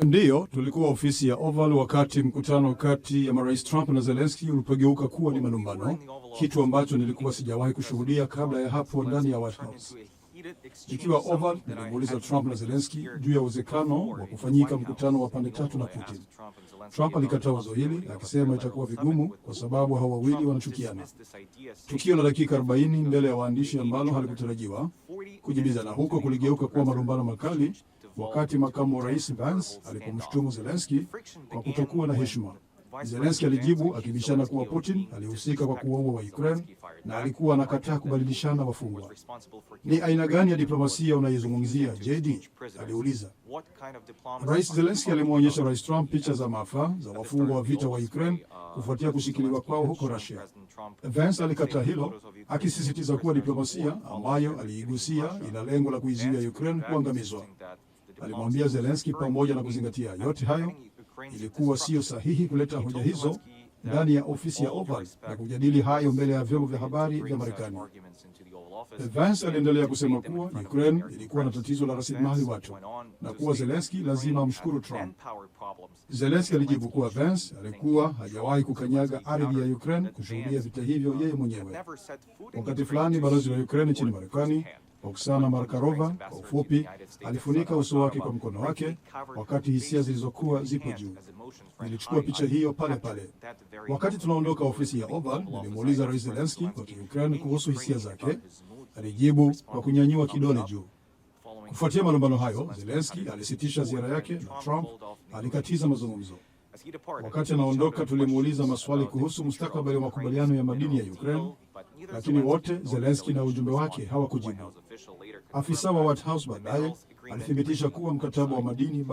Ndiyo, tulikuwa ofisi ya Oval wakati mkutano kati ya marais Trump na zelenski ulipogeuka kuwa ni malumbano, kitu ambacho nilikuwa sijawahi kushuhudia kabla ya hapo ndani ya White House. Ikiwa Oval, nilimuuliza Trump na zelenski juu ya uwezekano wa kufanyika mkutano wa pande tatu na Putin. Trump alikataa wazo hili akisema itakuwa vigumu kwa sababu hao wawili wanachukiana. Tukio la dakika 40 mbele ya waandishi ambalo halikutarajiwa kujibizana huko kuligeuka kuwa malumbano makali wakati makamu wa rais Vance alipomshutumu Zelensky kwa kutokuwa na heshima. Zelensky alijibu akibishana kuwa Putin alihusika kwa kuwaua wa Ukraine na alikuwa anakataa kubadilishana wafungwa. Ni aina gani ya diplomasia unayozungumzia JD? aliuliza. Rais Zelensky alimwonyesha Rais Trump picha za maafa za wafungwa wa vita wa Ukraine kufuatia kushikiliwa kwao huko Russia. Vance alikataa hilo akisisitiza kuwa diplomasia ambayo aliigusia ina lengo la kuizuia Ukraine kuangamizwa alimwambia zelenski Pamoja na kuzingatia yote hayo, ilikuwa siyo sahihi kuleta hoja hizo ndani ya ofisi ya Oval na kujadili hayo mbele ya vyombo vya habari vya Marekani. Vance aliendelea kusema kuwa Ukraine ilikuwa na tatizo la rasilimali watu na kuwa zelenski lazima amshukuru Trump. zelenski alijibu kuwa Vance alikuwa hajawahi kukanyaga ardhi ya Ukraine kushuhudia vita hivyo yeye mwenyewe. Wakati fulani balozi la Ukraine nchini Marekani Oksana Markarova kwa ufupi, alifunika uso wake kwa mkono wake, wakati hisia zilizokuwa zipo juu. Nilichukua picha hiyo pale pale. Wakati tunaondoka ofisi ya Oval, nilimuuliza Rais Zelensky wa Ukraine kuhusu hisia zake. Alijibu kwa kunyanyua kidole juu. Kufuatia malumbano hayo, Zelensky alisitisha ziara yake na Trump alikatiza mazungumzo. Wakati anaondoka, tulimuuliza maswali kuhusu mustakabali wa makubaliano ya madini ya Ukraine lakini wote Zelenski na ujumbe wake hawakujibu. Afisa wa White House baadaye alithibitisha kuwa mkataba wa madini